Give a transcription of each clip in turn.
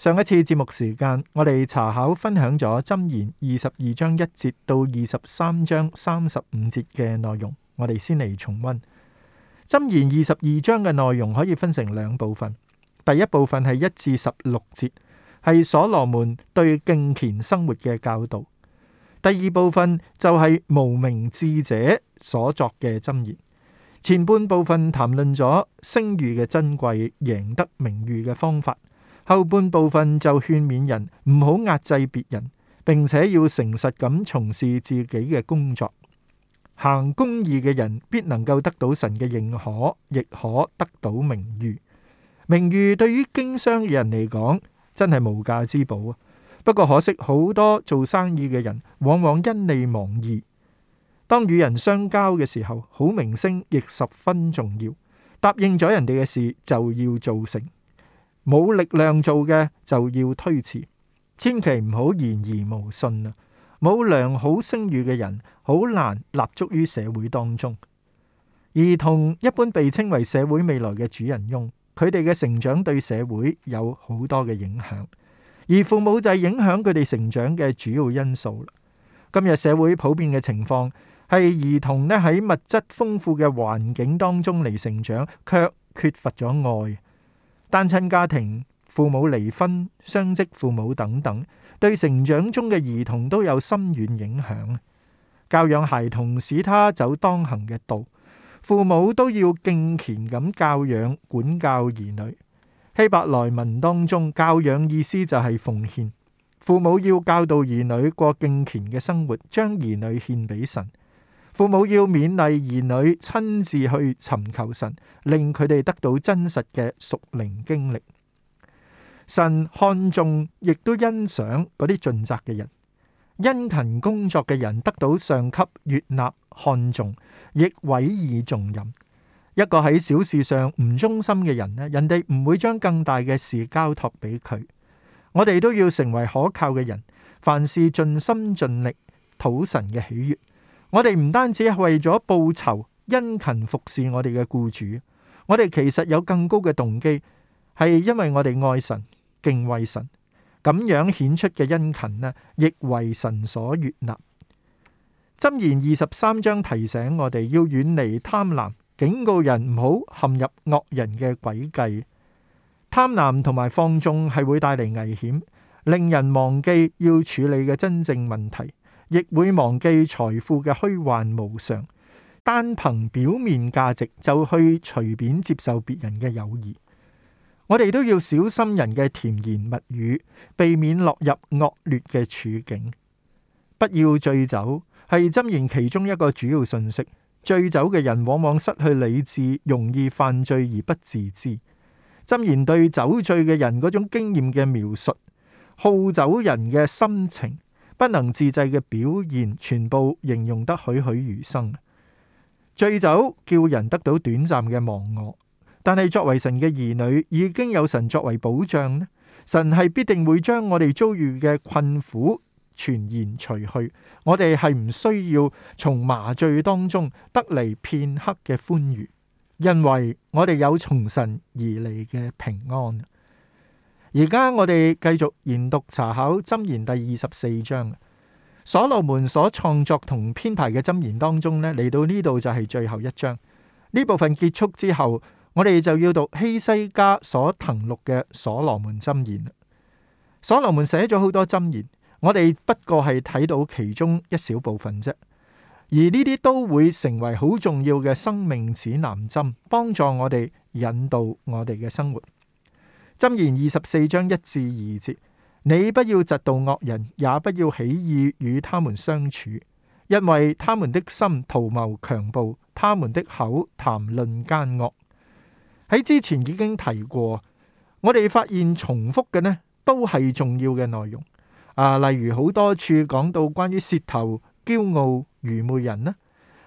上一次節目時間，我哋查考分享咗《箴言》二十二章一節到二十三章三十五節嘅內容。我哋先嚟重温《箴言》二十二章嘅內容，可以分成兩部分。第一部分係一至十六節，係所羅門對敬虔生活嘅教導；第二部分就係無名智者所作嘅箴言。前半部分談論咗聲譽嘅珍貴、贏得名譽嘅方法。後半部分就勸勉人唔好壓制別人，並且要誠實咁從事自己嘅工作。行公義嘅人必能夠得到神嘅認可，亦可得到名譽。名譽對於經商嘅人嚟講，真係無價之寶啊！不過可惜，好多做生意嘅人往往因利忘義。當與人相交嘅時候，好名聲亦十分重要。答應咗人哋嘅事就要做成。冇力量做嘅就要推遲，千祈唔好言而無信啊！冇良好聲譽嘅人，好難立足於社會當中。兒童一般被稱為社會未來嘅主人翁，佢哋嘅成長對社會有好多嘅影響，而父母就係影響佢哋成長嘅主要因素啦。今日社會普遍嘅情況係兒童呢喺物質豐富嘅環境當中嚟成長，卻缺乏咗愛。單親家庭、父母離婚、雙職父母等等，對成長中嘅兒童都有深遠影響。教養孩童，使他走當行嘅道，父母都要敬虔咁教養管教兒女。希伯來文當中，教養意思就係奉獻，父母要教導兒女過敬虔嘅生活，將兒女獻俾神。父母要勉勵兒女親自去尋求神，令佢哋得到真實嘅屬靈經歷。神看重，亦都欣賞嗰啲盡責嘅人，殷勤工作嘅人得到上級悅納、看重，亦委以重任。一個喺小事上唔忠心嘅人呢，人哋唔會將更大嘅事交託俾佢。我哋都要成為可靠嘅人，凡事盡心盡力，討神嘅喜悅。我哋唔單止係為咗報酬殷勤服侍我哋嘅僱主，我哋其實有更高嘅動機，係因為我哋愛神、敬畏神，咁樣顯出嘅殷勤呢，亦為神所悅納。箴言二十三章提醒我哋要遠離貪婪，警告人唔好陷入惡人嘅詭計。貪婪同埋放縱係會帶嚟危險，令人忘記要處理嘅真正問題。亦會忘記財富嘅虛幻無常，單憑表面價值就去隨便接受別人嘅友誼。我哋都要小心人嘅甜言蜜語，避免落入惡劣嘅處境。不要醉酒，係箴言其中一個主要信息。醉酒嘅人往往失去理智，容易犯罪而不自知。箴言對酒醉嘅人嗰種經驗嘅描述，好酒人嘅心情，不能自制嘅表現，全部形容得栩栩如生。醉酒叫人得到短暫嘅忘我，但係作為神嘅兒女，已經有神作為保障呢。神係必定會將我哋遭遇嘅困苦全然除去。我哋係唔需要從麻醉當中得嚟片刻嘅歡愉，因為我哋有從神而嚟嘅平安。而家我哋繼續研讀查考箴言第二十四章。所羅門所創作同編排嘅箴言當中呢，嚟到呢度就係最後一章。呢部分結束之後，我哋就要讀希西家所謄錄嘅所羅門箴言。所羅門寫咗好多箴言，我哋不過係睇到其中一小部分啫。而呢啲都會成為好重要嘅生命指南針，幫助我哋引導我哋嘅生活。箴言二十四章一至二節你不要嫉妒惡人，也不要起意與他們相處，因為他們的心圖謀強暴，他們的口談論奸惡。喺之前已經提過，我哋發現重複嘅呢都係重要嘅內容。啊，例如好多處講到關於舌頭、驕傲、愚昧人呢，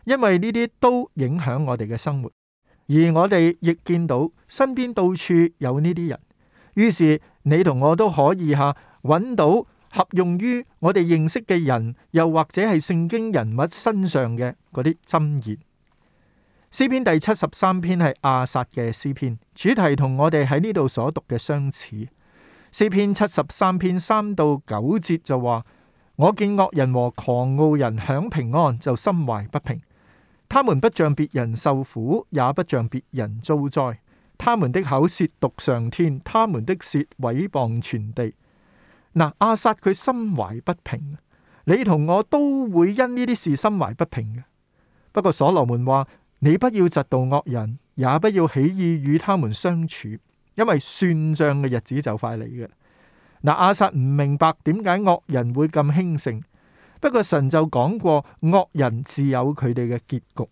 因為呢啲都影響我哋嘅生活，而我哋亦見到身邊到處有呢啲人。於是你同我都可以哈揾到合用於我哋認識嘅人，又或者係聖經人物身上嘅嗰啲箴言。詩篇第七十三篇係亞薩嘅詩篇，主題同我哋喺呢度所讀嘅相似。詩篇七十三篇三到九節就話：我見惡人和狂傲人享平安，就心懷不平。他們不像別人受苦，也不像別人遭災。他們的口褻瀆上天，他們的舌毀謗全地。嗱，亞薩佢心懷不平，你同我都會因呢啲事心懷不平嘅。不過所羅門話：你不要嫉妒惡人，也不要起意與他們相處，因為算賬嘅日子就快嚟嘅。嗱，亞薩唔明白點解惡人會咁興盛，不過神就講過惡人自有佢哋嘅結局。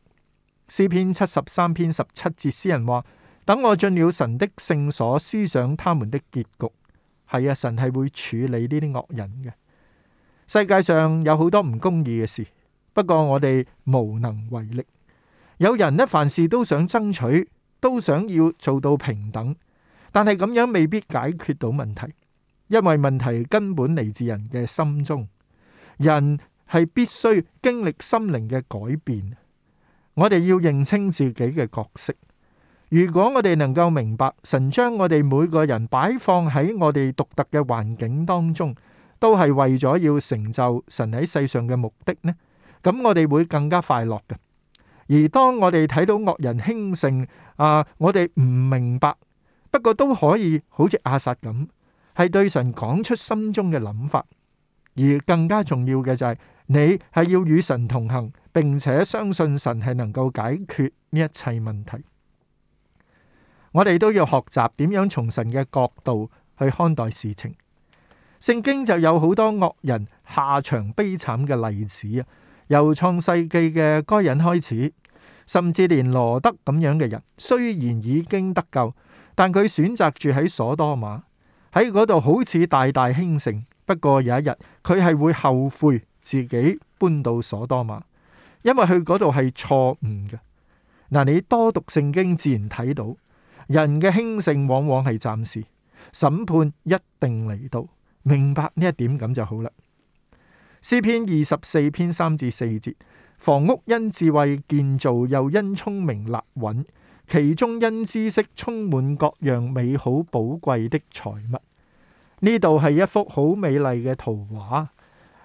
詩篇七十三篇十七節，詩人話。等我進了神的聖所，思想他們的結局。係啊，神係會處理呢啲惡人嘅。世界上有好多唔公義嘅事，不過我哋無能為力。有人呢，凡事都想爭取，都想要做到平等，但係咁樣未必解決到問題，因為問題根本嚟自人嘅心中。人係必須經歷心靈嘅改變，我哋要認清自己嘅角色。如果我哋能夠明白神將我哋每個人擺放喺我哋獨特嘅環境當中，都係為咗要成就神喺世上嘅目的呢，咁我哋會更加快樂嘅。而當我哋睇到惡人興盛啊，我哋唔明白，不過都可以好似亞薩咁，係對神講出心中嘅諗法。而更加重要嘅就係你係要與神同行，並且相信神係能夠解決呢一切問題。我哋都要學習點樣從神嘅角度去看待事情。聖經就有好多惡人下場悲慘嘅例子啊，由創世紀嘅該隱開始，甚至連羅德咁樣嘅人，雖然已經得救，但佢選擇住喺所多瑪喺嗰度，好似大大興盛。不過有一日佢係會後悔自己搬到所多瑪，因為去嗰度係錯誤嘅。嗱，你多讀聖經，自然睇到。人嘅興盛往往係暫時，審判一定嚟到。明白呢一點咁就好啦。詩篇二十四篇三至四節：房屋因智慧建造，又因聰明立穩，其中因知識充滿各樣美好寶貴的財物。呢度係一幅好美麗嘅圖畫，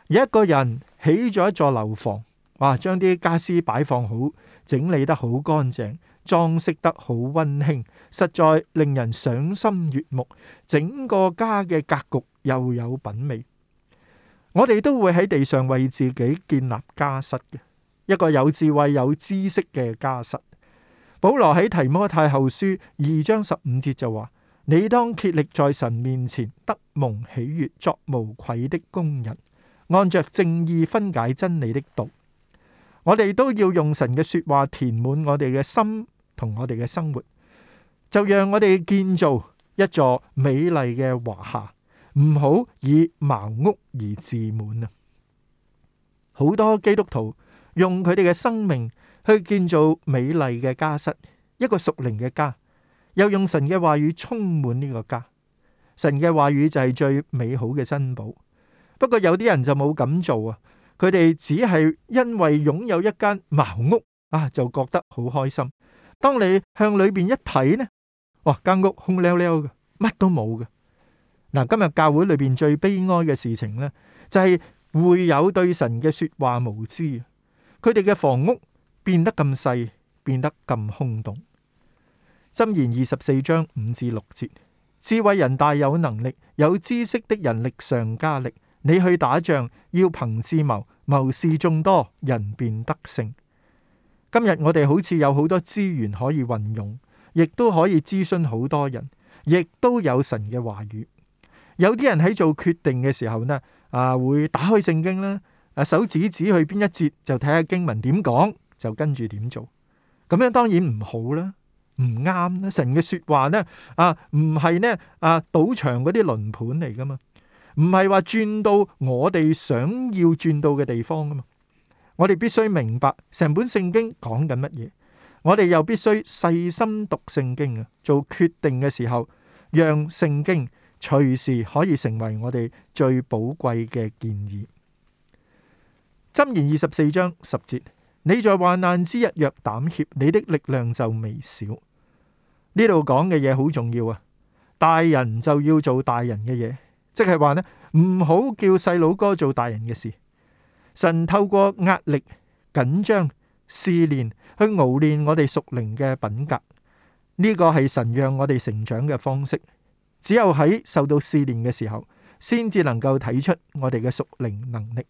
一個人起咗一座樓房，哇！將啲家私擺放好，整理得好乾淨。裝飾得好溫馨，實在令人賞心悅目。整個家嘅格局又有品味。我哋都會喺地上為自己建立家室嘅，一個有智慧、有知識嘅家室。保羅喺提摩太後書二章十五節就話： 你當竭力在神面前得蒙喜悅，作無愧的工人，按着正義分解真理的道，我哋都要用神嘅說話填滿我哋嘅心。同我哋嘅生活，就讓我哋建造一座美麗嘅華廈，唔好以茅屋而自滿啊！好多基督徒用佢哋嘅生命去建造美麗嘅家室，一個屬靈嘅家，又用神嘅話語充滿呢個家。神嘅話語就係最美好嘅珍寶。不過有啲人就冇咁做啊，佢哋只係因為擁有一間茅屋啊，就覺得好開心。當你向裏邊一睇呢，哇，間屋空溜溜，嘅，乜都冇嘅。嗱，今日教會裏邊最悲哀嘅事情呢，就係、是、會有對神嘅說話無知。佢哋嘅房屋變得咁細，變得咁空洞。箴言二十四章五至六節，智慧人大有能力，有知識的人力上加力。你去打仗要憑智謀，謀士眾多，人便得勝。今日我哋好似有好多資源可以運用，亦都可以諮詢好多人，亦都有神嘅話語。有啲人喺做決定嘅時候呢，啊會打開聖經啦，啊手指指去邊一節就睇下經文點講，就跟住點做。咁樣當然唔好啦，唔啱啦。神嘅說話呢，啊唔係呢啊賭場嗰啲輪盤嚟㗎嘛，唔係話轉到我哋想要轉到嘅地方㗎嘛。我哋必須明白成本聖經講緊乜嘢，我哋又必須細心讀聖經啊！做決定嘅時候，讓聖經隨時可以成為我哋最寶貴嘅建議。箴言二十四章十節：你在患難之日若膽怯，你的力量就微小。呢度講嘅嘢好重要啊！大人就要做大人嘅嘢，即係話呢，唔好叫細佬哥做大人嘅事。神透過壓力、緊張、試煉去熬練我哋屬靈嘅品格，呢個係神讓我哋成長嘅方式。只有喺受到試煉嘅時候，先至能夠睇出我哋嘅屬靈能力。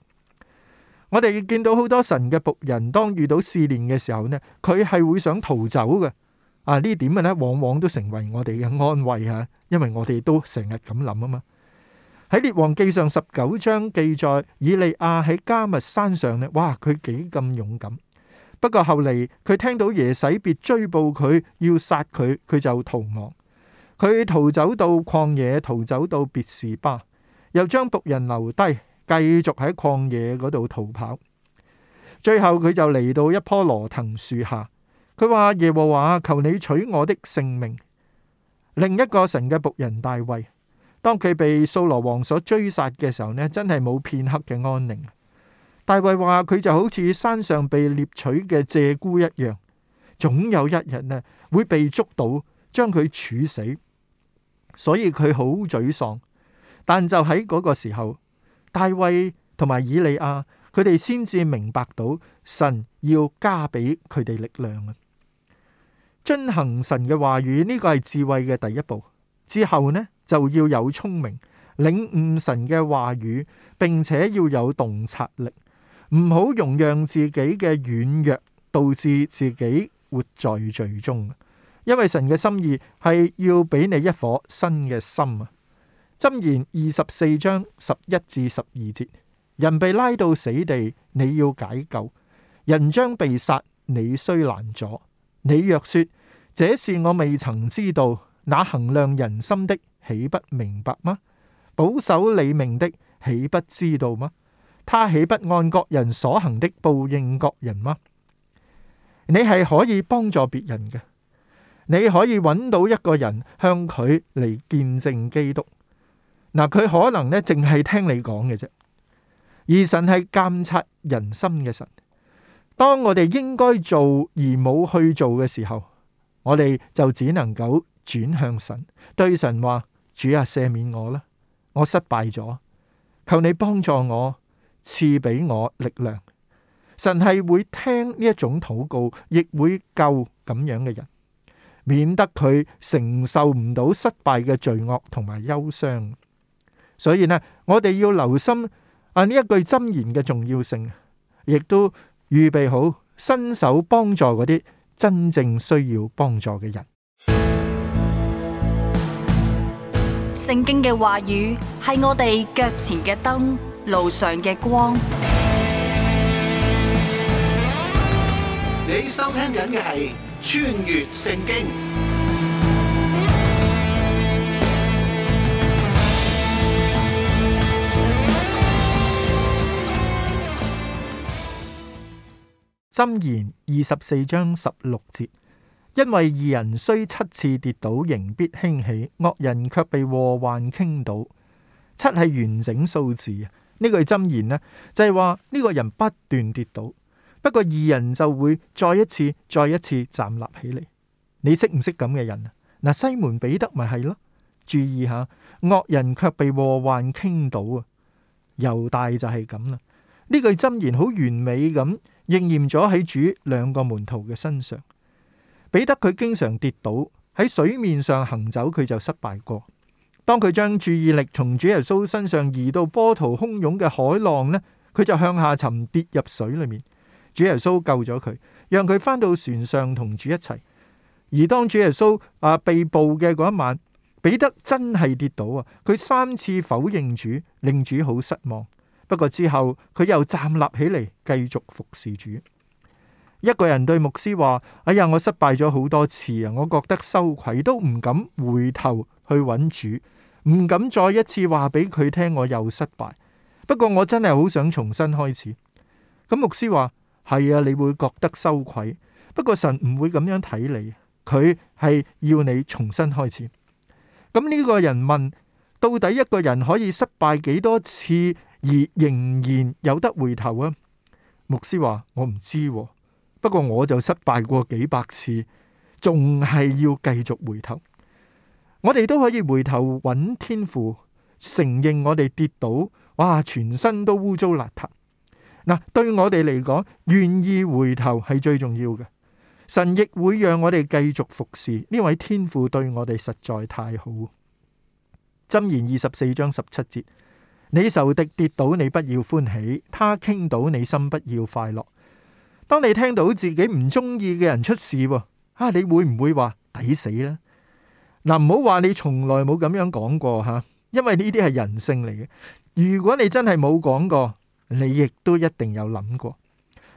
我哋見到好多神嘅僕人，當遇到試煉嘅時候呢，佢係會想逃走嘅。啊，呢點嘅呢，往往都成為我哋嘅安慰吓，因為我哋都成日咁諗啊嘛。喺列王記上十九章記載，以利亞喺迦密山上呢，哇，佢幾咁勇敢。不過後嚟佢聽到耶洗別追捕佢，要殺佢，佢就逃亡。佢逃走到曠野，逃走到別是巴，又將僕人留低，繼續喺曠野嗰度逃跑。最後佢就嚟到一棵羅藤樹下，佢話耶和華，求你取我的性命。另一個神嘅僕人大衛。當佢被掃羅王所追殺嘅時候呢，真係冇片刻嘅安寧。大衛話佢就好似山上被獵取嘅鷓鴣一樣，總有一日呢，會被捉到，將佢處死。所以佢好沮喪。但就喺嗰個時候，大衛同埋以利亞，佢哋先至明白到神要加俾佢哋力量啊！遵行神嘅話語呢個係智慧嘅第一步。之後呢？就要有聰明，領悟神嘅話語，並且要有洞察力，唔好容讓自己嘅軟弱，導致自己活在罪中。因為神嘅心意係要俾你一顆新嘅心啊！箴言二十四章十一至十二節：人被拉到死地，你要解救；人將被殺，你雖攔阻，你若說這是我未曾知道，那衡量人心的，豈不明白嗎？保守你命的豈不知道嗎？他豈不按各人所行的報應各人嗎？你係可以幫助別人嘅，你可以揾到一個人向佢嚟見證基督。嗱，佢可能呢淨係聽你講嘅啫，而神係監察人心嘅神。當我哋應該做而冇去做嘅時候，我哋就只能夠轉向神，對神話。主啊，赦免我啦！我失敗咗，求你幫助我，賜俾我力量。神係會聽呢一種禱告，亦會救咁樣嘅人，免得佢承受唔到失敗嘅罪惡同埋憂傷。所以呢，我哋要留心啊呢一句箴言嘅重要性，亦都預備好伸手幫助嗰啲真正需要幫助嘅人。聖經嘅話語係我哋腳前嘅燈，路上嘅光。你收聽緊嘅係《穿越聖經》箴言二十四章十六節。因為義人雖七次跌倒，仍必興起；惡人却被禍患傾倒。七係完整數字啊！呢句箴言呢，就係話呢個人不斷跌倒，不過義人就會再一次、再一次站立起嚟。你識唔識咁嘅人啊？嗱，西門彼得咪係咯。注意下，惡人却被禍患傾倒啊！猶大就係咁啦。呢句箴言好完美咁應驗咗喺主兩個門徒嘅身上。彼得佢經常跌倒，喺水面上行走，佢就失敗過。當佢將注意力從主耶穌身上移到波濤洶湧嘅海浪呢，佢就向下沉跌入水裏面。主耶穌救咗佢，讓佢返到船上同主一齊。而當主耶穌啊被捕嘅嗰一晚，彼得真係跌倒啊！佢三次否認主，令主好失望。不過之後佢又站立起嚟，繼續服侍主。一個人對牧師話：哎呀，我失敗咗好多次啊，我覺得羞愧，都唔敢回頭去揾主，唔敢再一次話俾佢聽我又失敗。不過我真係好想重新開始。咁牧師話：係啊，你會覺得羞愧，不過神唔會咁樣睇你，佢係要你重新開始。咁呢個人問：到底一個人可以失敗幾多次而仍然有得回頭啊？牧師話：我唔知。不過我就失敗過幾百次，仲係要繼續回頭。我哋都可以回頭揾天父，承認我哋跌倒，哇，全身都污糟邋遢。嗱、啊，對我哋嚟講，願意回頭係最重要嘅。神亦會讓我哋繼續服侍呢位天父，對我哋實在太好。箴言二十四章十七節：你仇敵跌倒，你不要歡喜；他傾倒，你心不要快樂。當你聽到自己唔中意嘅人出事，吓、啊、你會唔會話抵死呢？嗱、啊，唔好話你從來冇咁樣講過吓、啊，因為呢啲係人性嚟嘅。如果你真係冇講過，你亦都一定有諗過。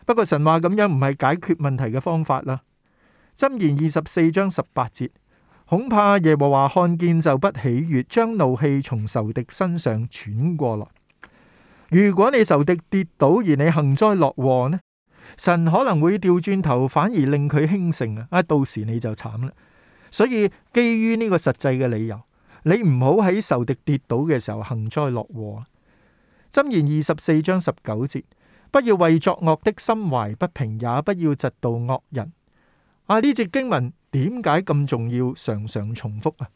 不過神話咁樣唔係解決問題嘅方法啦。箴言二十四章十八節，恐怕耶和華看見就不喜悅，將怒氣從仇敵身上轉過來。如果你仇敵跌倒而你幸災樂禍呢？神可能會掉轉頭，反而令佢興盛啊！啊，到時你就慘啦。所以基於呢個實際嘅理由，你唔好喺仇敵跌倒嘅時候幸災樂禍。箴言二十四章十九節：不要為作惡的心懷不平，也不要嫉妒惡人。啊！呢節經文點解咁重要？常常重複啊，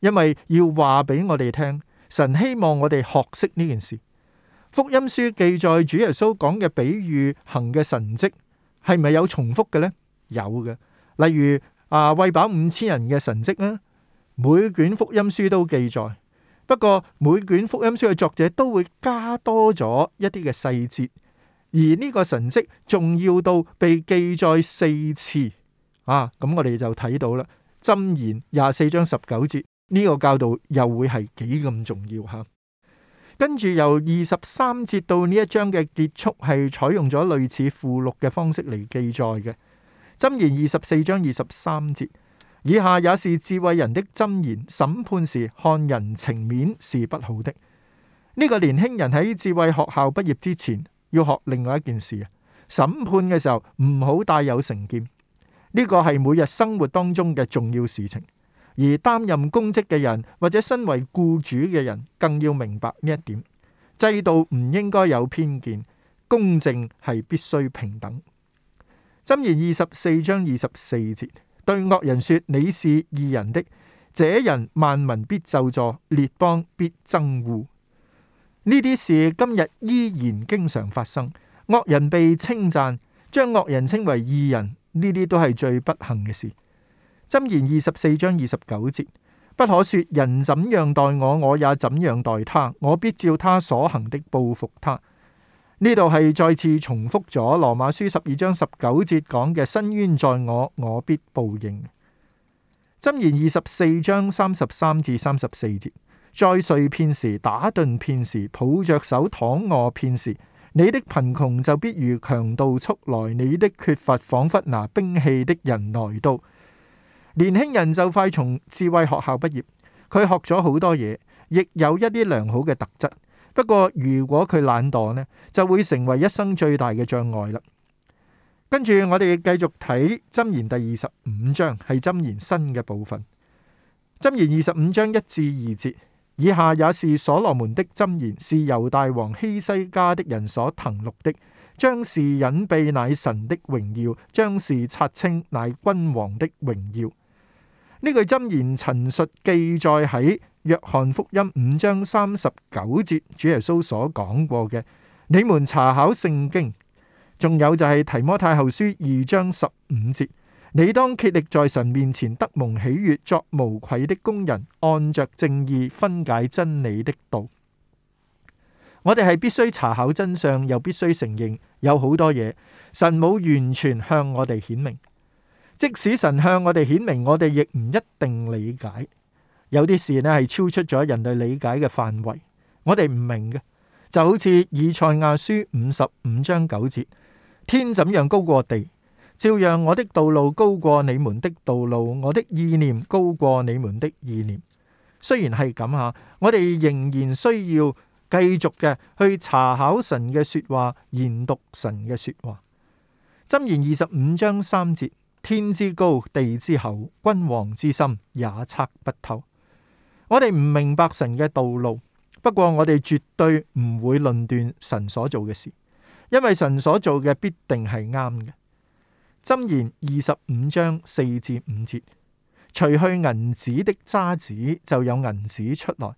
因為要話俾我哋聽，神希望我哋學識呢件事。福音書記載主耶穌講嘅比喻、行嘅神蹟，係咪有重複嘅呢？有嘅，例如啊，餵飽五千人嘅神蹟啊，每卷福音書都記載。不過每卷福音書嘅作者都會加多咗一啲嘅細節，而呢個神蹟仲重要到被記載四次啊！咁我哋就睇到啦，《箴言廿四章十九節》呢個教導又會係幾咁重要嚇。跟住由二十三節到呢一章嘅結束係採用咗類似附錄嘅方式嚟記載嘅。箴言二十四章二十三節以下也是智慧人的箴言，審判時看人情面是不好的。呢個年輕人喺智慧學校畢業之前要學另外一件事啊！審判嘅時候唔好帶有成見，呢個係每日生活當中嘅重要事情。而擔任公職嘅人或者身為雇主嘅人，更要明白呢一點。制度唔應該有偏見，公正係必須平等。箴言二十四章二十四節對惡人說：你是義人的，這人萬民必咒詛，列邦必憎惡。呢啲事今日依然經常發生，惡人被稱讚，將惡人稱為義人，呢啲都係最不幸嘅事。箴言二十四章二十九節，不可說人怎樣待我，我也怎樣待他。我必照他所行的報復他。呢度係再次重複咗羅馬書十二章十九節講嘅：，申冤在我，我必報應。箴言二十四章三十三至三十四節，再睡片時打頓片時，抱着手躺卧片時，你的貧窮就必如強盜速來，你的缺乏仿佛拿兵器的人來到。年輕人就快從智慧學校畢業，佢學咗好多嘢，亦有一啲良好嘅特質。不過，如果佢懶惰呢，就會成為一生最大嘅障礙啦。跟住我哋繼續睇箴言第二十五章，係箴言新嘅部分。箴言二十五章一至二節以下，也是所羅門的箴言，是猶大王希西家的人所謄錄的，將事隱祕乃神的榮耀，將事察清乃君王的榮耀。呢句箴言陳述記載喺約翰福音五章三十九節，主耶穌所講過嘅。你們查考聖經。仲有就係提摩太後書二章十五節，你當竭力在神面前得蒙喜悅，作無愧的工人，按着正義分解真理的道。我哋係必須查考真相，又必須承認有好多嘢神冇完全向我哋顯明。即使神向我哋顯明，我哋亦唔一定理解。有啲事呢係超出咗人類理解嘅範圍，我哋唔明嘅。就好似以賽亞書五十五章九節：天怎樣高過地，照樣我的道路高過你們的道路，我的意念高過你們的意念。雖然係咁吓，我哋仍然需要繼續嘅去查考神嘅說話，研讀神嘅說話。箴言二十五章三節。天之高地之厚，君王之心也測不透。我哋唔明白神嘅道路，不過我哋絕對唔會論斷神所做嘅事，因為神所做嘅必定係啱嘅。箴言二十五章四至五節：除去銀子的渣滓，就有銀子出來；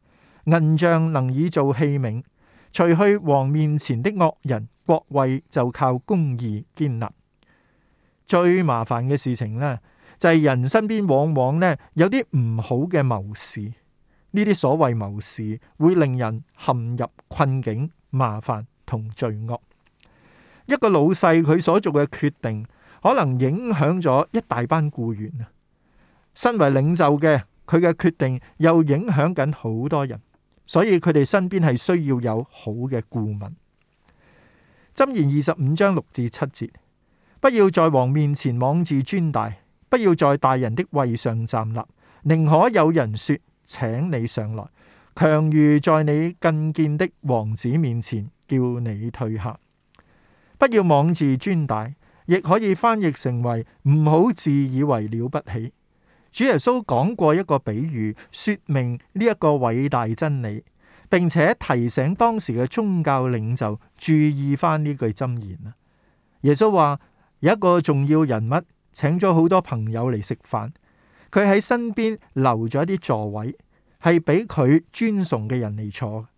銀匠能以做器皿。除去王面前的惡人，國位就靠公義建立。最麻煩嘅事情呢，就係人身邊往往呢有啲唔好嘅謀士，呢啲所謂謀士會令人陷入困境、麻煩同罪惡。一個老細佢所做嘅決定，可能影響咗一大班雇員啊。身為領袖嘅佢嘅決定，又影響緊好多人，所以佢哋身邊係需要有好嘅顧問。箴言二十五章六至七節。不要在王面前妄自尊大，不要在大人的位上站立，寧可有人說，請你上來，強如在你覲見的王子面前叫你退下。不要妄自尊大，亦可以翻譯成為唔好自以為了不起。主耶穌講過一個比喻，說明呢一個偉大真理，並且提醒當時嘅宗教領袖注意翻呢句箴言啦。耶穌話。有一個重要人物，請咗好多朋友嚟食飯。佢喺身邊留咗一啲座位，係俾佢尊崇嘅人嚟坐。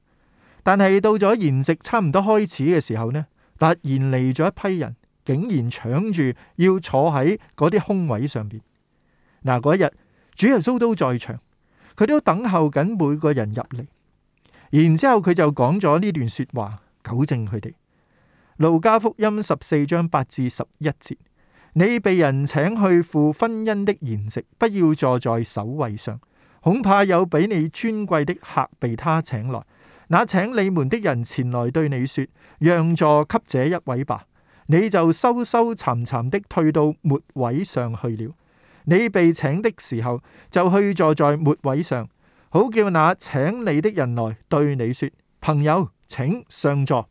但係到咗筵席差唔多開始嘅時候呢，突然嚟咗一批人，竟然搶住要坐喺嗰啲空位上邊。嗱，嗰一日主耶穌都在場，佢都等候緊每個人入嚟。然之後佢就講咗呢段說話，糾正佢哋。路加福音十四章八至十一節，你被人請去赴婚姻的筵席，不要坐在首位上，恐怕有比你尊貴的客被他請來。那請你們的人前來對你說，讓座給這一位吧，你就羞羞慚慚的退到末位上去了。你被請的時候，就去坐在末位上，好叫那請你的人來對你說，朋友，請上座。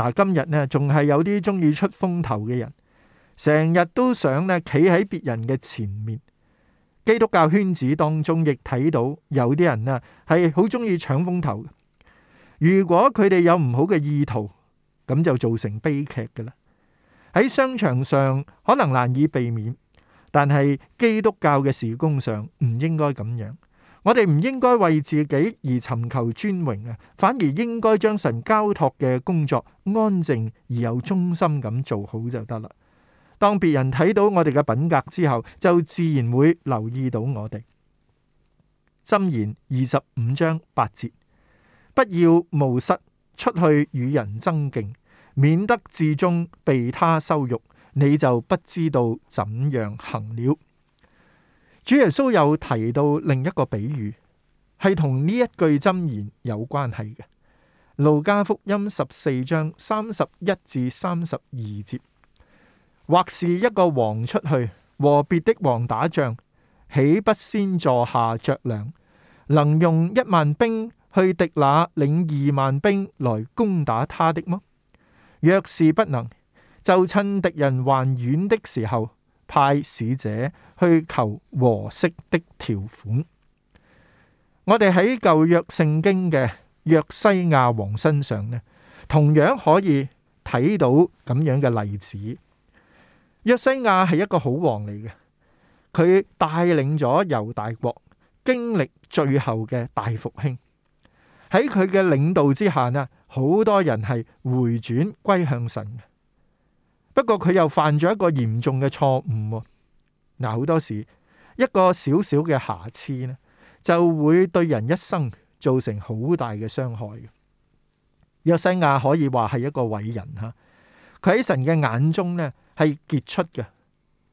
嗱，今日呢仲係有啲中意出風頭嘅人，成日都想呢企喺別人嘅前面。基督教圈子當中亦睇到有啲人啊，係好中意搶風頭。如果佢哋有唔好嘅意圖，咁就造成悲劇嘅啦。喺商場上可能難以避免，但係基督教嘅事工上唔應該咁樣。我哋唔應該為自己而尋求尊榮啊，反而應該將神交託嘅工作安靜而又忠心咁做好就得啦。當別人睇到我哋嘅品格之後，就自然會留意到我哋。箴言二十五章八節，不要冒失出去與人爭競，免得至終被他羞辱，你就不知道怎樣行了。主耶穌有提到另一個比喻，係同呢一句箴言有關係嘅。路加福音十四章三十一至三十二節，或是一個王出去和別的王打仗，豈不先坐下酌量，能用一萬兵去敵那領二萬兵來攻打他的嗎？若是不能，就趁敵人還遠的時候，派使者去求和息的條款，我哋喺舊約聖經嘅約西亞王身上咧，同樣可以睇到咁樣嘅例子。約西亞係一個好王嚟嘅，佢帶領咗猶大國經歷最後嘅大復興。喺佢嘅領導之下咧，好多人係回轉歸向神。不過佢又犯咗一個嚴重嘅錯誤。嗱，好多時一個小小嘅瑕疵呢，就會對人一生造成好大嘅傷害。約西亞可以話係一個偉人吓，佢喺神嘅眼中呢係傑出嘅。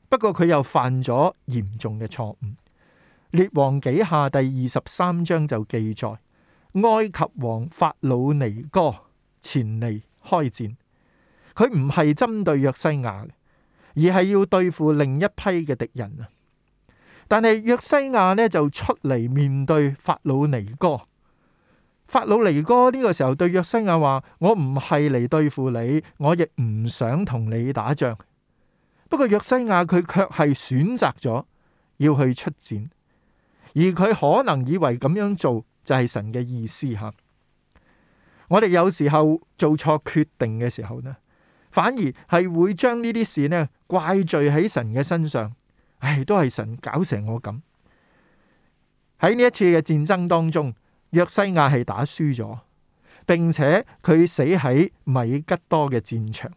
不過佢又犯咗嚴重嘅錯誤。列王紀下第二十三章就記載，埃及王法老尼哥前嚟開戰。佢唔係針對約西亞，而係要對付另一批嘅敵人啊！但係約西亞呢，就出嚟面對法老尼哥。法老尼哥呢個時候對約西亞話：「我唔係嚟對付你，我亦唔想同你打仗。不過約西亞佢卻係選擇咗要去出戰，而佢可能以為咁樣做就係神嘅意思吓。我哋有時候做錯決定嘅時候呢。反而係會將呢啲事呢怪罪喺神嘅身上，唉、哎，都係神搞成我咁。喺呢一次嘅戰爭當中，約西亞係打輸咗，並且佢死喺米吉多嘅戰場。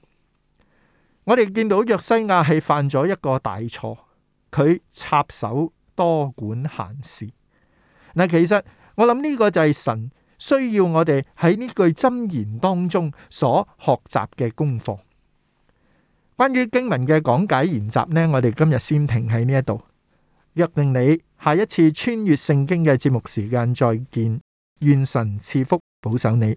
我哋見到約西亞係犯咗一個大錯，佢插手多管閒事。嗱，其實我諗呢個就係神需要我哋喺呢句箴言當中所學習嘅功課。關於經文嘅講解研習呢，我哋今日先停喺呢一度。約定你下一次穿越聖經嘅節目時間再見。願神賜福保守你。